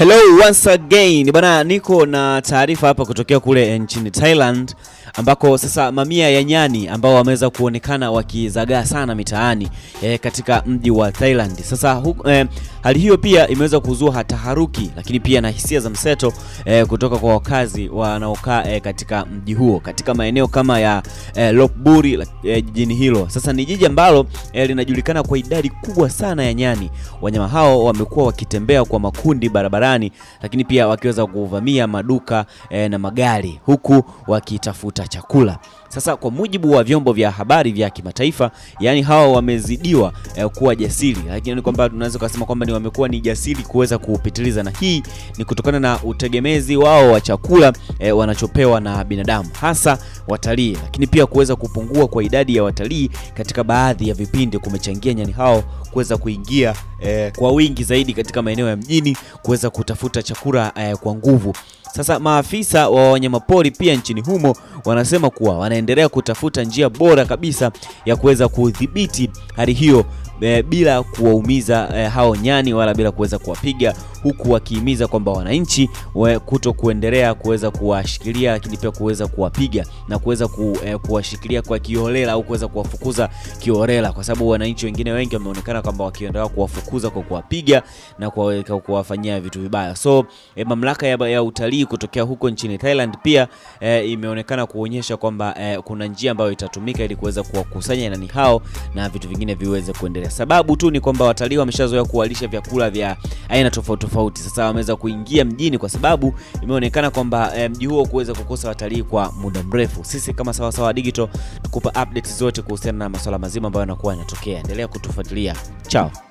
Hello once again. Bana niko na taarifa hapa kutokea kule nchini Thailand ambako sasa mamia ya nyani ambao wameweza kuonekana wakizagaa sana mitaani e, katika mji wa Thailand. Sasa hu, e, eh, hali hiyo pia imeweza kuzua taharuki, lakini pia na hisia za mseto e, kutoka kwa wakazi wanaokaa e, katika mji huo katika maeneo kama ya e, Lopburi e, jijini hilo. Sasa ni jiji ambalo e, linajulikana kwa idadi kubwa sana ya nyani. Wanyama hao wamekuwa wakitembea kwa makundi barabarani, lakini pia wakiweza kuvamia maduka e, na magari huku wakitafuta chakula. Sasa kwa mujibu wa vyombo vya habari vya kimataifa, yani hawa wamezidiwa eh, kuwa jasiri, lakini ni kwamba tunaweza kusema kwamba ni wamekuwa ni jasiri kuweza kupitiliza, na hii ni kutokana na utegemezi wao wa chakula eh, wanachopewa na binadamu hasa watalii, lakini pia kuweza kupungua kwa idadi ya watalii katika baadhi ya vipindi kumechangia nyani hao kuweza kuingia eh, kwa wingi zaidi katika maeneo ya mjini kuweza kutafuta chakula eh, kwa nguvu. Sasa maafisa wa wanyamapori pia nchini humo wanasema kuwa wanaendelea kutafuta njia bora kabisa ya kuweza kudhibiti hali hiyo e, bila kuwaumiza e, hao nyani wala bila kuweza kuwapiga, huku wakihimiza kwamba wananchi eh, kuto kuendelea kuweza kuwashikilia, lakini pia kuweza kuwapiga na kuweza ku, e, kuwashikilia kwa kiholela au kuweza kuwafukuza kiholela, kwa sababu wananchi wengine wengi wameonekana kwamba wakiendelea kuwafukuza kwa kuwapiga na kuwafanyia vitu vibaya. So e, mamlaka ya, ya utalii kutokea huko nchini Thailand pia e, imeonekana kuonyesha kwamba e, kuna njia ambayo itatumika ili kuweza kuwakusanya nyani hao na vitu vingine viweze kuendelea kawaida. Sababu tu ni kwamba watalii wameshazoea kuwalisha vyakula vya aina tofauti tofauti, sasa wameweza kuingia mjini, kwa sababu imeonekana kwamba eh, mji huo kuweza kukosa watalii kwa muda mrefu. Sisi kama Sawa Sawa Digital tukupa updates zote kuhusiana na masuala mazima ambayo yanakuwa yanatokea. Endelea kutufuatilia, chao.